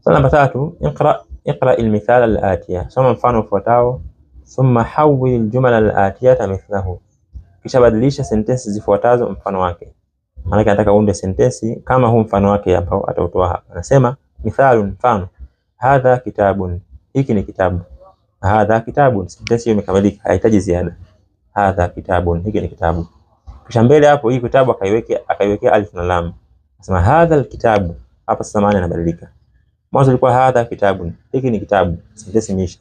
Swali namba tatu, iqra iqra almithala alatiya, soma mfano ufuatao. Thumma hawil aljumala alatiyata mithlahu, kisha badilisha sentensi zifuatazo mfano wake. Maana anataka uunde sentensi kama huu mfano wake hapo, atautoa hapa. Anasema mithalun, mfano. Hadha kitabun, hiki ni kitabu. Hadha kitabun, sentensi hiyo imekamilika, haihitaji ziada. Hadha kitabun, hiki ni kitabu. Kisha mbele hapo, hii kitabu akaiweke akaiwekea alif na lam, anasema hadha alkitabu. Hapa sasa maana inabadilika. Mwanzo ilikuwa hadha kitabu, hiki ni kitabu, sentensi imeisha.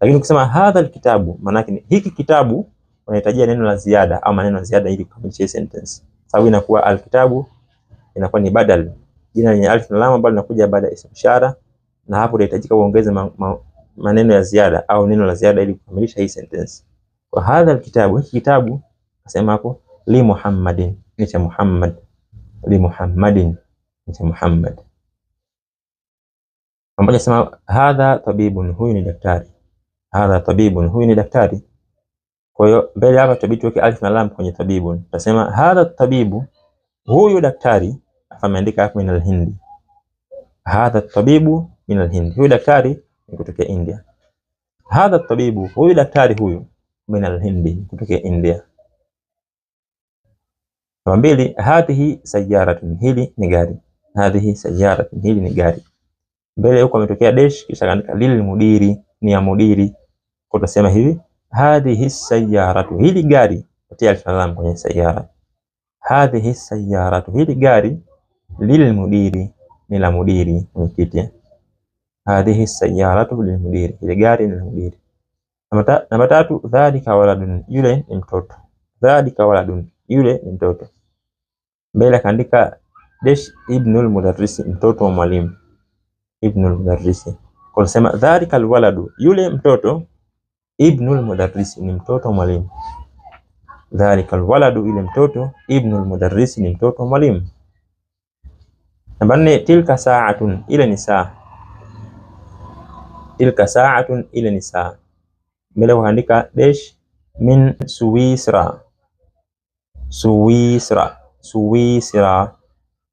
Lakini ukisema hadha kitabu, maana yake hiki kitabu, unahitaji neno la ziada au maneno ya ziada ili kukamilisha sentensi, sababu inakuwa alkitabu inakuwa ni badal, jina lenye alif na lam ambalo linakuja baada ya ismu ishara, na hapo unahitajika uongeze ma, ma, maneno ya ziada au neno la ziada ili kukamilisha hii sentensi. Kwa hadha kitabu, hiki kitabu, nasema hapo li Muhammadin, ni cha Muhammad, li Muhammadin, ni cha Muhammad. Mmoja anasema hadha tabibun, huyu ni daktari. Hadha tabibun, huyu ni daktari. Kwa hiyo mbele hapa tabibu tuweke alif na lam kwenye tabibun, tutasema hadha tabibu, huyu daktari. Afa ameandika hapo min alhindi, hadha tabibu min alhindi, huyu daktari ni kutoka India. Hadha tabibu, huyu daktari huyu, min alhindi, kutoka India. Namba mbili, hadhihi sayaratun, hili ni gari. Hadhihi sayaratun, hili ni gari mbele huko umetokea dash, kisha kaandika lil mudiri, ni ya mudiri. Kwa tunasema hivi hadhihi sayyaratu, hili gari. Tia alif lam kwenye sayara. Hadhihi sayyaratu, hili gari. Lil mudiri, ni la mudiri, mwenyekiti. Hadhihi sayyaratu lil mudiri, hili gari ni la mudiri. Namba tatu, dhalika waladun, yule ni mtoto. Dhalika waladun, yule ni mtoto. Mbele kaandika dash ibnul mudarrisi, mtoto wa mwalimu ibnul mudarrisi, kwa kusema dhalika alwaladu, yule mtoto, ibnul mudarrisi ni mtoto mwalimu. Dhalika alwaladu, yule mtoto, ibnul mudarrisi ni mtoto mwalimu. Namba nne, tilka saatun, ile ni saa. Tilka saatun, ile ni saa. Mbele ukaandika dash min Suwisra, Suwisra, Suwisra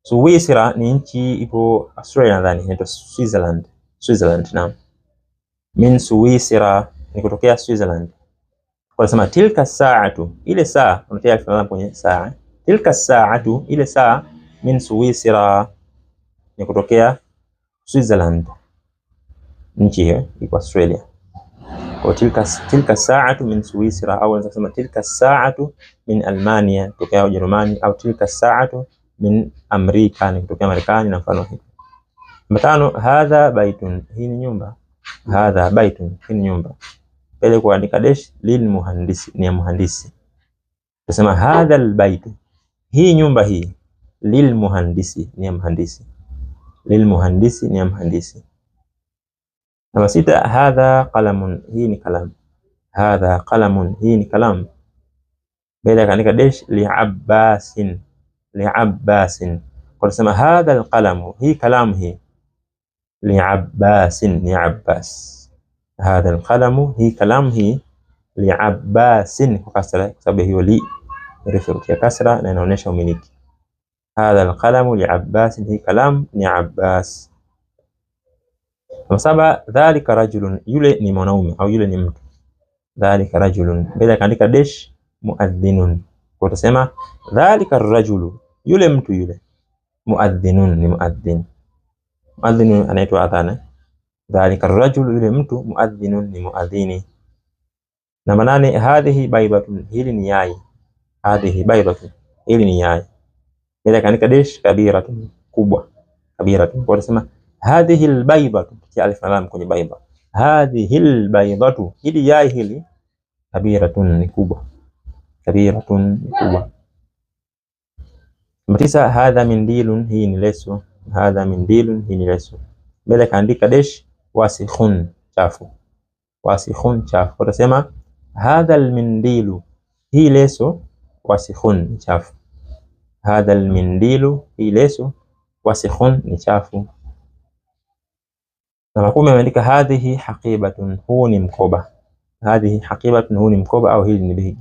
So Suwisra ni nchi ipo Australia nadhani inaitwa Switzerland. Switzerland naam. Min Suwisra ni kutokea Switzerland. Kwa sema tilka saatu ile saa unatia alif lam kwenye saa. Tilka saatu ile saa min Suwisra ni kutokea Switzerland. Nchi hiyo iko Australia. Kwa tilka tilka saatu min Switzerland au unaweza kusema tilka saatu min Almania kutokea Ujerumani au tilka saatu min Amrika, ni kutokea Marekani na mfano hivyo. Namba tano, hadha baitun, hii ni nyumba. Hadha baitun, hii ni nyumba. Pele kuandika dash lil muhandisi, ni ya muhandisi. Tunasema hadha albayt, hii nyumba hii. Lil muhandisi, ni ya muhandisi. Lil muhandisi, ni ya muhandisi. Namba sita, hadha qalamun, hii ni kalamu. Hadha qalamun, hii ni kalamu. Pele akaandika dash li Abbasin لعباس قل سما هذا القلم هي كلام هي لعباس لعباس هذا القلم هي كلام هي لعباس كسرة سبه ولي رفر كسرة لأنه نشأ منك هذا القلم لعباس هي كلام لعباس مصابة ذلك رجل يلي نمنوم أو يلي نمك ذلك رجل بدك عندك دش مؤذن قلت سما ذلك الرجل yule mtu yule muadhinun ni muadhin, muadhinun anaitwa adhana. Dhalika rajul, yule mtu muadhinun ni muadhini. Namba nane, hadhihi baibatun, hili ni yai. Hadhihi baibatun, hili ni yai. Bila kanika dish kabiratun, kubwa kabiratun. Kwa kusema hadhihi albaibatu, kia alif na lam kwenye baiba. Hadhihi albaibatu, hili yai hili kabiratun, ni kubwa. Kabiratun, ni kubwa Namba tisa, hadha mindilun, hii ni leso. Hadha mindilun, hii ni leso. Mbele kaandika dash wasikhun, chafu. Wasikhun, chafu. Utasema hadha almindilu, hii leso wasikhun, ni chafu. Hadha almindilu, hii leso wasikhun, ni chafu. Namba kumi, ameandika hadhihi haqibatun, huu ni mkoba. Hadhihi haqibatun, huu ni mkoba au hili ni begi.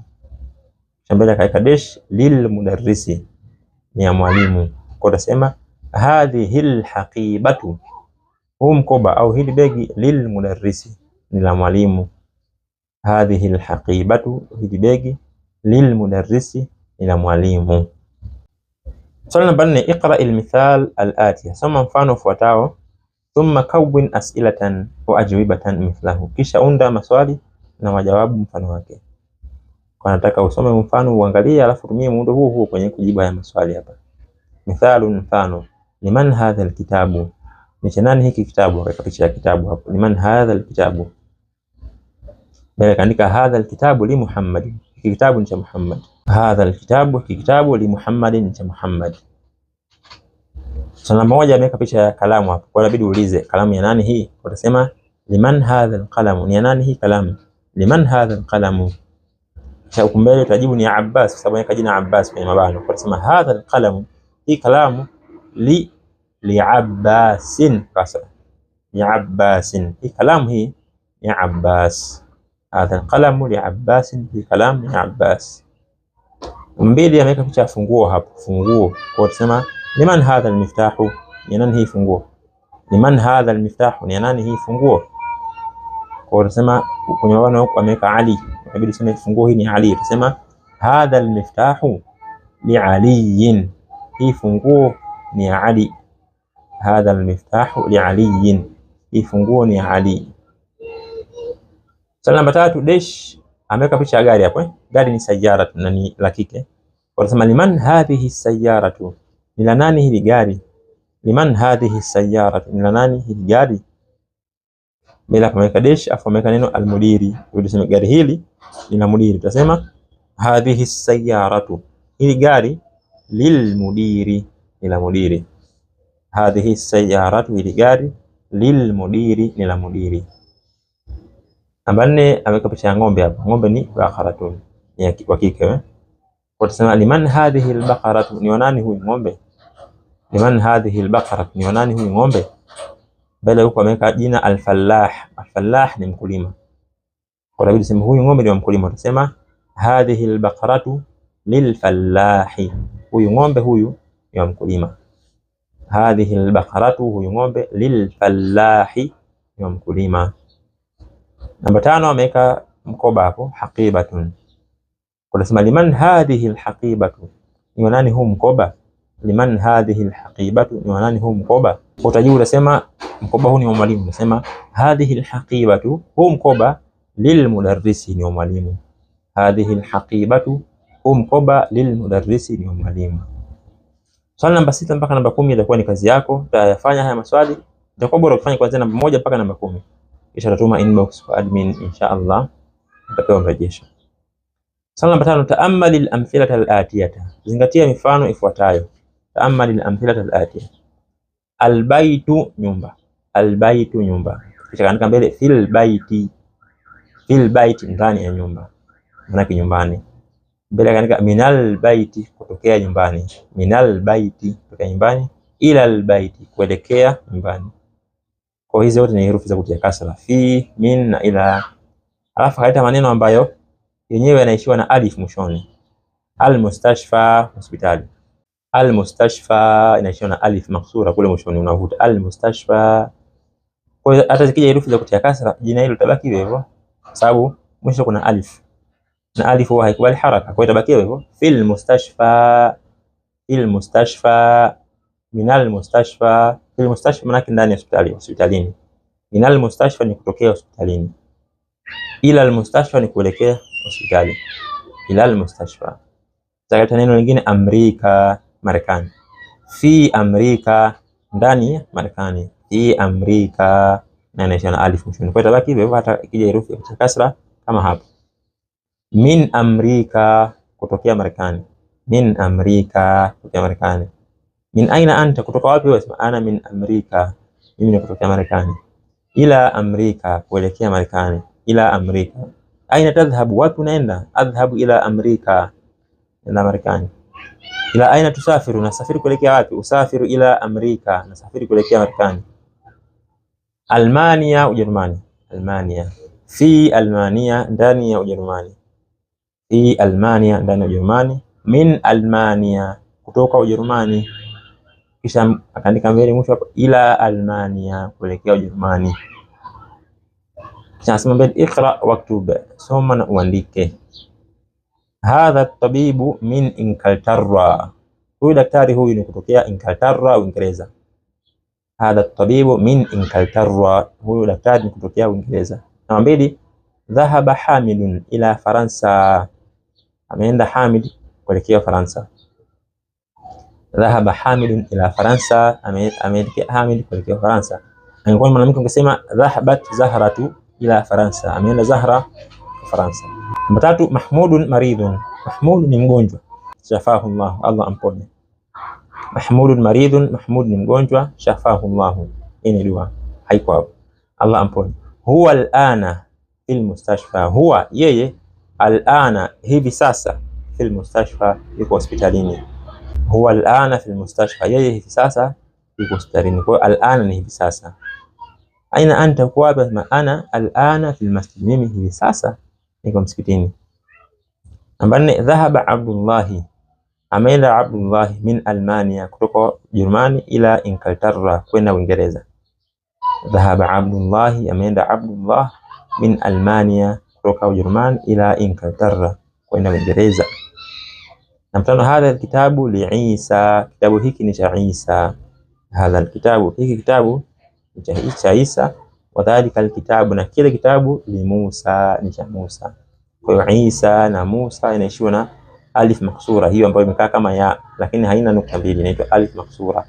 Mbele kaandika dash lil mudarrisi ni ya mwalimu. Kwa utasema hadhihi lhaqibatu, huu mkoba au hili begi, lilmudarrisi, ni la mwalimu. Hadhihi lhaqibatu, hili begi, lilmudarrisi, ni la mwalimu. Swali namba nne, iqra almithal alatiya, soma mfano ufuatao. Thumma kawwin as'ilatan wa ajwibatan mithlahu, kisha unda maswali na majawabu mfano wake. Kwa nataka usome mfano uangalie, alafu tumie muundo huu huo kwenye kujibu haya maswali hapa. Mithalu, mfano. ni man hadha alkitabu, ni cha nani hiki kitabu? Kwa picha ya kitabu hapo. ni man hadha alkitabu, bila kaandika hadha alkitabu li Muhammad, hiki kitabu ni cha Muhammad. Hadha alkitabu, hiki kitabu li Muhammad, ni cha Muhammad. Sana moja ameweka picha ya kalamu hapo, kwa inabidi uulize kalamu ya nani hii? Utasema liman hadha alqalam, ni ya nani hii kalamu? Liman hadha alqalamu cha kumbele tajibu ni Abbas, kwa sababu yake jina Abbas kwenye mabano. Kwa kusema hadha alqalam, hii kalamu li li Abbasin, kasa ni Abbasin, hii kalamu hii ni Abbas. Hadha alqalamu li Abbasin, hii kalamu ni Abbas. Mbili ameweka picha ya funguo hapo, funguo. Kwa kusema liman hadha almiftahu, ni nani hii funguo? Liman hadha almiftahu, ni nani hii funguo? Kwa kusema kwenye mabano ameweka Ali itabidi useme funguo hii ni Ali, tuseme hadha almiftahu li aliyin, hii funguo ni Ali. Hadha almiftahu li aliyin, hii funguo ni Ali. Sala namba tatu dash, ameweka picha ya gari hapo eh? Gari ni sayara na ni la kike, wanasema liman hadhihi sayaratu, ni la nani hili gari? Liman hadhihi sayaratu, ni la nani hili gari? mbele hapa ameweka dash, afu ameweka neno almudiri. Tuseme gari hili lina mudiri, tutasema hadhihi sayyaratu, hili gari lilmudiri, ni la mudiri. Hadhihi sayyaratu, hili gari lilmudiri, ni la mudiri. Namba nne ameweka picha ya ng'ombe hapa, ng'ombe ni bakaratun, ni wa kike eh. Kwa tuseme liman hadhihi albaqaratu, ni wanani huyu ng'ombe? Liman hadhihi albaqaratu, ni wanani huyu ng'ombe? mbele huko ameweka jina Al-fallah ni mkulima, kwa sababu sema huyu ng'ombe ni wa mkulima, utasema hadhihi lil lilfallahi, huyu ng'ombe huyu ni wa mkulima. Hadhihi al-baqaratu, huyu ng'ombe, lilfallahi, ni wa mkulima. Namba tano ameweka mkoba hapo, haqibatun, kwa sema liman hadhihi al-haqibatu, ni nani huu mkoba liman hadhihi alhaqibatu, ni wanani huu mkoba? Kwa utajibu utasema mkoba huu ni wa mwalimu. Unasema hadhihi alhaqibatu, huu mkoba lilmudarrisi, ni wa mwalimu. Hadhihi alhaqibatu, huu mkoba lilmudarrisi, ni wa mwalimu. Swali namba sita mpaka namba kumi itakuwa ni kazi yako, utayafanya haya maswali. Itakuwa bora ukifanya kuanzia namba moja mpaka namba kumi kisha tatuma inbox kwa admin, insha Allah utapewa mrejesho. Swali namba tano, al-amthila al-atiyata, zingatia mifano ifuatayo. Taammal al-amthilata al-atiya. Albaytu, nyumba. Albaytu, nyumba. Kisha kaandika mbele fil baiti, fil baiti, ndani ya nyumba, manake nyumbani. Mbele kaandika minal baiti, kutokea nyumbani. Minal baiti, kutokea nyumbani. ila al baiti, kuelekea nyumbani. Kwa hizo zote ni herufi za kutia kasra, fi, min na ila. Alafu kaleta maneno ambayo yenyewe yanaishiwa na alif mwishoni. al-mustashfa, hospitali al mustashfa inaishia na alif maksura kule mwishoni, unavuta al mustashfa. Kwa hiyo hata zikija herufi za kutia kasra, jina hilo tabaki hivyo hivyo, sababu mwisho kuna alif na alif huwa haikubali haraka, kwa hiyo tabaki hivyo hivyo, fil mustashfa, il mustashfa, min al mustashfa. Fil mustashfa maana ndani ya hospitali, hospitalini. Min al mustashfa ni kutokea hospitalini, ila al mustashfa ni kuelekea hospitali, ila al mustashfa. Zakatia neno lingine amrika Marekani, fi Amerika, ndani ya Marekani, fi Amerika, na inaisha na alif mwishoni. Kwa itabaki hivyo hivyo hata ikija herufi ya kasra kama hapo. Min Amerika, kutokea Marekani. Min Amerika, kutokea Marekani. Min aina anta, kutoka wapi wewe? Sema ana min Amerika. mimi ni kutoka Marekani. Ila Amerika, kuelekea Marekani. Ila Amerika. aina tadhhabu, wapi unaenda? Adhhabu ila Amerika, na Marekani. Ila aina tusafiru, nasafiri kuelekea wapi? Usafiru ila Amerika, nasafiri kuelekea Marekani. Almania, Ujerumani. Almania, fi Almania, ndani ya Ujerumani. Fi Almania, ndani ya Ujerumani. Min Almania, kutoka Ujerumani. Kisha akaandika mbele mwisho hapo, ila Almania, kuelekea Ujerumani. Kisha asema mbele, ikra waktub, soma na uandike hadha tabibu min Inkaltara, huyu daktari huyu ni kutokea Inkaltara, Uingereza. Hadha tabibu min Inkaltara, huyu daktari ni kutokea Uingereza. Namba mbili, dhahaba hamilun ila Faransa, ameenda Hamid kuelekea Faransa. Dhahaba hamilun ila Faransa, ameelekea Hamid kuelekea Faransa. Angekuwa mwanamke ungesema dhahabat Zahratu ila Faransa, ameenda Zahra Ufaransa. Namba tatu, mahmudun maridhun, mahmud ni mgonjwa. Shafahu Allah, Allah ampone. Mahmudun maridhun, mahmud ni mgonjwa. Shafahu Allah, hii ni dua, haiko hapo. Allah ampone. Huwa alana fil mustashfa, huwa yeye, alana hivi sasa, fil mustashfa, yuko hospitalini. Huwa alana fil mustashfa, yeye hivi sasa yuko hospitalini. Kwa hiyo alana ni hivi sasa. Aina anta, uko wapi? Ana alana fil masjid, mimi hivi sasa niko msikitini. Namba nne, dhahaba Abdullahi, ameenda Abdullahi min Almania, kutoka Jerumani ila Inkaltara, kwenda Uingereza. Dhahaba Abdullahi, ameenda Abdullah min Almania, kutoka Ujerumani ila Inkaltara, kwenda Uingereza. Namba tano, hadha alkitabu li Isa, kitabu hiki ni cha Isa. Hadha alkitabu, hiki kitabu ni cha Isa wadhalika alkitabu, na kile kitabu ni Musa ni cha Musa. Kwa hiyo Isa na Musa inaishiwa na alif maksura, hiyo ambayo imekaa kama ya, lakini haina nukta mbili, inaitwa alif maksura.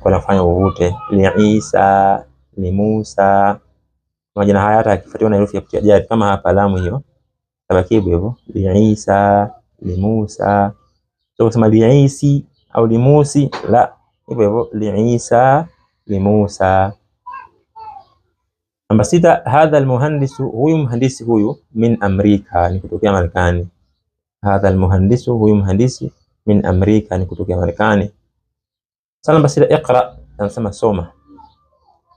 Kwa nafanya uvute li Isa ni Musa, majina haya hata akifuatiwa na herufi ya kutia jari kama hapa alamu hiyo tabakibu hivyo li Isa ni Musa. Sio kusema li Isi au li Musi, la, hivyo hivyo li Isa ni Musa Namba sita, hadha almuhandisu, huyu mhandisi huyu. Min amrika, ni kutokea Marekani. Hadha almuhandisu, huyu mhandisi. Min amrika, ni kutokea Marekani. Sasa namba sita, iqra, anasema soma.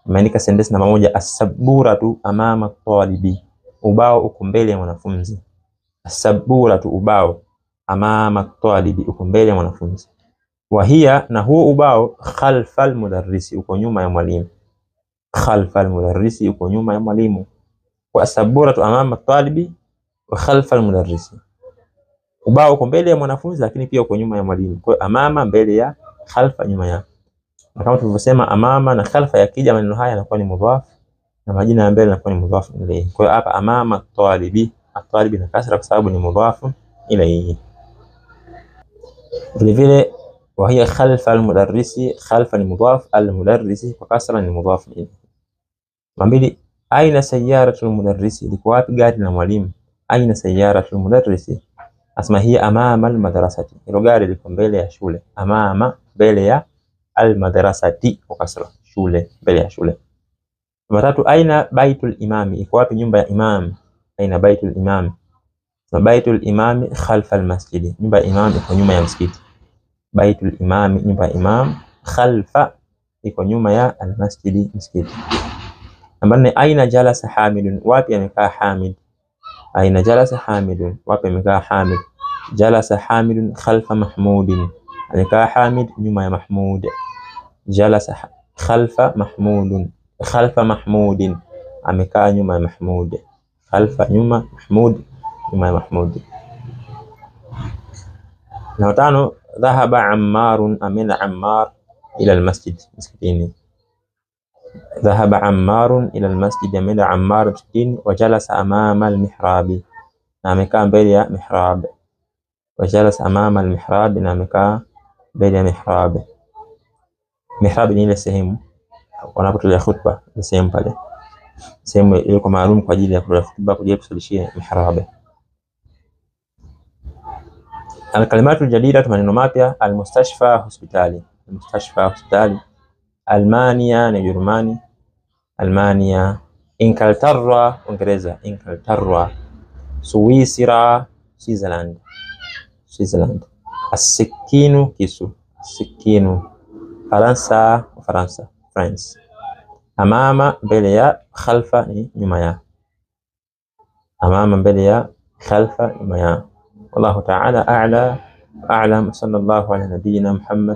Ameandika sentensi namba moja, as-saburatu amama talibi, ubao uko mbele ya mwanafunzi. As-saburatu, ubao, amama talibi, uko mbele ya mwanafunzi. Wa hiya, na huo ubao, khalfal mudarrisi, uko nyuma ya mwalimu khalfa almudarrisi, yuko nyuma ya mwalimu. Wa saburatu amama talibi wa khalfa almudarrisi, ubao uko mbele ya mwanafunzi, lakini pia uko nyuma ya mwalimu. Kwa amama mbele ya, khalfa nyuma ya. Na kama tulivyosema amama na khalfa yakija, maneno haya yanakuwa ni mudhaf na majina ya mbele yanakuwa ni mudhaf ilayhi. Kwa hiyo hapa amama talibi, atalibi na kasra kwa sababu ni mudhaf ilayhi. Vile vile wahiya khalfa almudarrisi, khalfa ni mudhaf, almudarrisi kwa kasra ni mudhaf ilayhi. Namba mbili, aina sayyaratul mudarrisi, liko wapi gari la mwalimu? Aina sayyaratul mudarrisi, asma hiya amama almadrasati, ilo gari liko mbele ya shule. Amama, mbele ya almadrasati kwa kasra, shule, mbele ya shule. Namba tatu, aina baitul imami, iko wapi nyumba ya imam? Aina baitul imami Baitul imami khalfa almasjidi, nyumba ya imam iko nyuma ya msikiti. Baitul imami, nyumba ya imam, khalfa iko nyuma ya almasjidi, msikiti. Namba nne, aina jalasa Hamidun, wapi amekaa Hamid? Aina jalasa Hamidun, wapi amekaa Hamid? Jalasa Hamidun khalfa Mahmudin, amekaa Hamid nyuma ya Mahmud. Jalasa khalfa Mahmudun, khalfa Mahmudin, amekaa nyuma ya Mahmud. Khalfa nyuma, Mahmud nyuma ya Mahmud. Na tano, dhahaba Ammarun, amena Ammar ila almasjid, msikitini ذهب عمار إلى المسجد من عمار الدين وجلس أمام المحراب نامكا بيليا محراب وجلس أمام المحراب نامكا بيليا محراب محراب إلى السهم ونبت الخطبة السهم بالي السهم إليكم معلوم قديل يقول الخطبة قديل بسول شيء محراب الكلمات الجديدة من النمابية المستشفى هوسبيتالي المستشفى هوسبيتالي المانيا نجرماني المانيا انكلترا انجليزا انكلترا سويسرا سويسرلاند سويسرلاند السكينو كيسو السكينو فرنسا فرنسا فرنسا أمام بليا خلف نمايا أمام بليا خلف نمايا والله تعالى أعلى أعلم صلى الله على نبينا محمد